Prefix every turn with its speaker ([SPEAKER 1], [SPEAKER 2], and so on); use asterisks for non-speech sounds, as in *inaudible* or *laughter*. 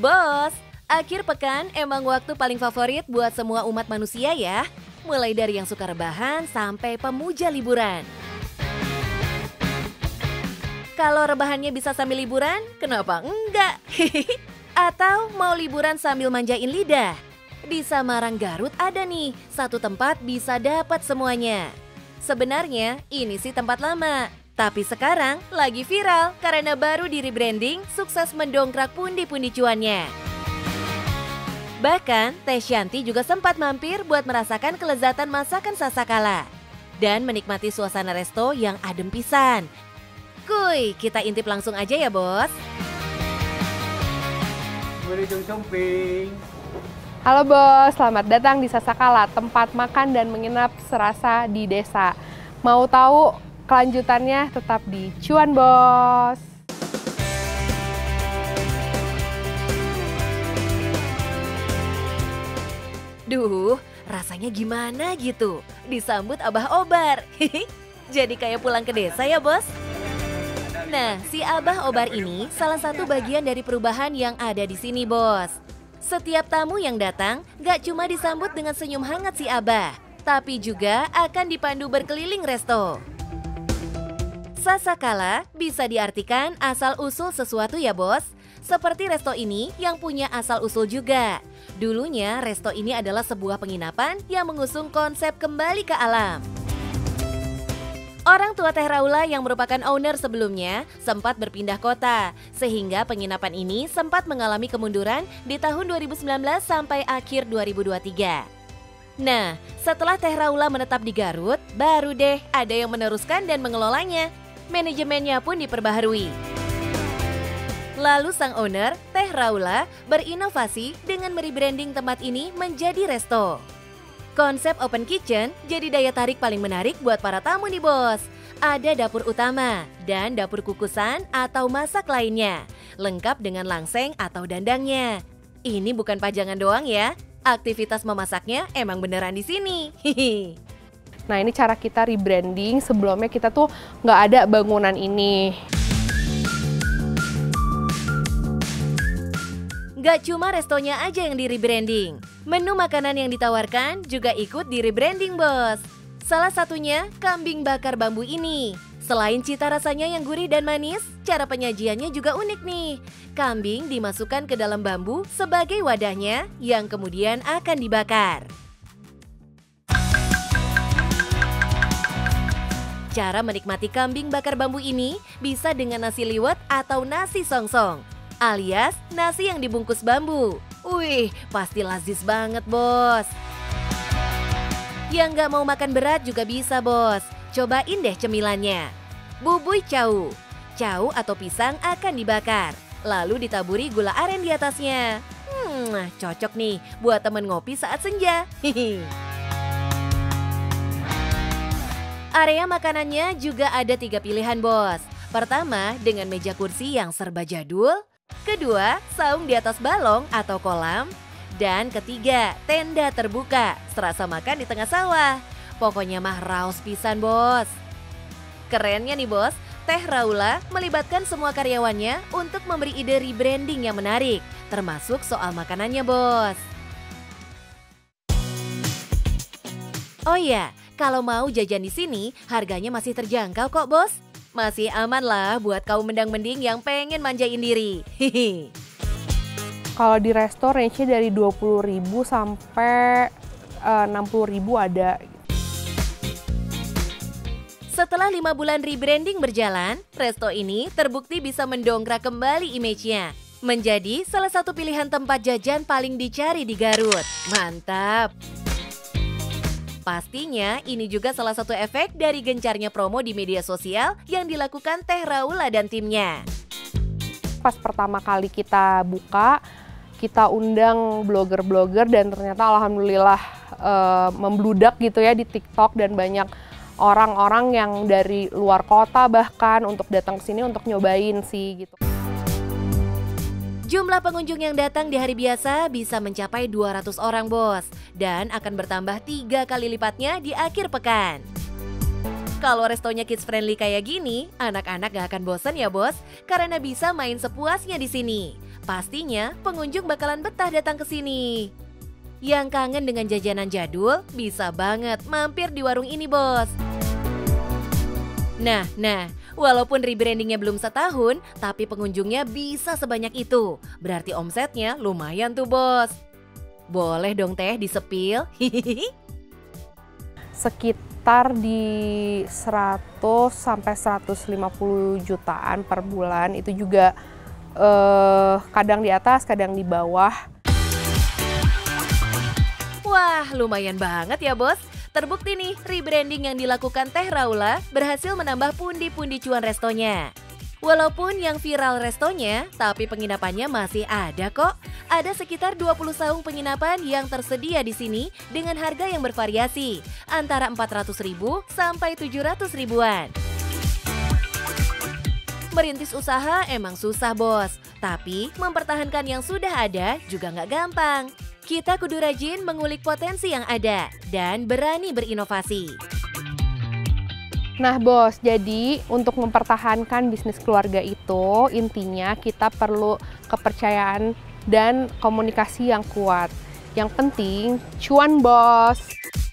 [SPEAKER 1] Bos, akhir pekan emang waktu paling favorit buat semua umat manusia ya. Mulai dari yang suka rebahan sampai pemuja liburan. Kalau rebahannya bisa sambil liburan, kenapa enggak? *laughs* Atau mau liburan sambil manjain lidah? Di Samarang Garut ada nih, satu tempat bisa dapat semuanya. Sebenarnya ini sih tempat lama, tapi sekarang lagi viral karena baru di rebranding sukses mendongkrak pundi-pundi cuannya. Bahkan, Teh Shanti juga sempat mampir buat merasakan kelezatan masakan Sasakala dan menikmati suasana resto yang adem pisan. Kuy, kita intip langsung
[SPEAKER 2] aja ya, Bos. Halo Bos, selamat datang di Sasakala, tempat makan dan menginap serasa di desa. Mau tahu kelanjutannya tetap di Cuan Bos.
[SPEAKER 1] Duh, rasanya gimana gitu? Disambut Abah Obar. *laughs* Jadi kayak pulang ke desa ya, Bos? Nah, si Abah Obar ini salah satu bagian dari perubahan yang ada di sini, Bos. Setiap tamu yang datang gak cuma disambut dengan senyum hangat si Abah, tapi juga akan dipandu berkeliling resto. Sasakala bisa diartikan asal-usul sesuatu ya bos. Seperti resto ini yang punya asal-usul juga. Dulunya resto ini adalah sebuah penginapan yang mengusung konsep kembali ke alam. Orang tua Teh Raula yang merupakan owner sebelumnya sempat berpindah kota, sehingga penginapan ini sempat mengalami kemunduran di tahun 2019 sampai akhir 2023. Nah, setelah Teh Raula menetap di Garut, baru deh ada yang meneruskan dan mengelolanya manajemennya pun diperbaharui. Lalu sang owner, Teh Raula, berinovasi dengan merebranding tempat ini menjadi resto. Konsep open kitchen jadi daya tarik paling menarik buat para tamu nih bos. Ada dapur utama dan dapur kukusan atau masak lainnya, lengkap dengan langseng atau dandangnya. Ini bukan pajangan doang ya, aktivitas memasaknya emang beneran di sini. Hihi.
[SPEAKER 2] Nah ini cara kita rebranding, sebelumnya kita tuh nggak ada bangunan ini. Nggak cuma restonya aja yang di
[SPEAKER 1] rebranding, menu makanan yang ditawarkan juga ikut di rebranding bos. Salah satunya kambing bakar bambu ini. Selain cita rasanya yang gurih dan manis, cara penyajiannya juga unik nih. Kambing dimasukkan ke dalam bambu sebagai wadahnya yang kemudian akan dibakar. Cara menikmati kambing bakar bambu ini bisa dengan nasi liwet atau nasi songsong, alias nasi yang dibungkus bambu. Wih, pasti lazis banget bos. Yang gak mau makan berat juga bisa bos. Cobain deh cemilannya. Bubui cau. Cau atau pisang akan dibakar. Lalu ditaburi gula aren di atasnya. Hmm, cocok nih buat temen ngopi saat senja. Hihi. Area makanannya juga ada tiga pilihan bos. Pertama, dengan meja kursi yang serba jadul. Kedua, saung di atas balong atau kolam. Dan ketiga, tenda terbuka, serasa makan di tengah sawah. Pokoknya mah raus pisan bos. Kerennya nih bos, Teh Raula melibatkan semua karyawannya untuk memberi ide rebranding yang menarik, termasuk soal makanannya bos. Oh ya, kalau mau jajan di sini, harganya masih terjangkau kok bos. Masih aman lah buat kaum mendang-mending yang pengen manjain diri. Hihi.
[SPEAKER 2] Kalau di resto range-nya dari 20.000 sampai eh, uh, 60.000 ada.
[SPEAKER 1] Setelah lima bulan rebranding berjalan, resto ini terbukti bisa mendongkrak kembali image-nya. Menjadi salah satu pilihan tempat jajan paling dicari di Garut. Mantap! Pastinya ini juga salah satu efek dari gencarnya promo di media sosial yang dilakukan Teh Raula dan timnya.
[SPEAKER 2] Pas pertama kali kita buka, kita undang blogger-blogger dan ternyata alhamdulillah e, membludak gitu ya di TikTok dan banyak orang-orang yang dari luar kota bahkan untuk datang ke sini untuk nyobain sih gitu.
[SPEAKER 1] Jumlah pengunjung yang datang di hari biasa bisa mencapai 200 orang bos dan akan bertambah tiga kali lipatnya di akhir pekan. Kalau restonya kids friendly kayak gini, anak-anak gak akan bosan ya bos, karena bisa main sepuasnya di sini. Pastinya pengunjung bakalan betah datang ke sini. Yang kangen dengan jajanan jadul, bisa banget mampir di warung ini bos. Nah, nah, walaupun rebrandingnya belum setahun, tapi pengunjungnya bisa sebanyak itu. Berarti omsetnya lumayan tuh bos.
[SPEAKER 2] Boleh dong teh disepil? *laughs* Sekitar di 100 sampai 150 jutaan per bulan itu juga eh, kadang di atas, kadang di bawah. Wah, lumayan banget ya bos. Terbukti nih, rebranding yang
[SPEAKER 1] dilakukan Teh Raula berhasil menambah pundi-pundi cuan restonya. Walaupun yang viral restonya, tapi penginapannya masih ada kok. Ada sekitar 20 saung penginapan yang tersedia di sini dengan harga yang bervariasi, antara 400 ribu sampai 700 ribuan. Merintis usaha emang susah bos, tapi mempertahankan yang sudah ada juga nggak gampang. Kita kudu rajin mengulik potensi yang ada dan berani berinovasi.
[SPEAKER 2] Nah bos, jadi untuk mempertahankan bisnis keluarga itu intinya kita perlu kepercayaan dan komunikasi yang kuat. Yang penting, cuan bos!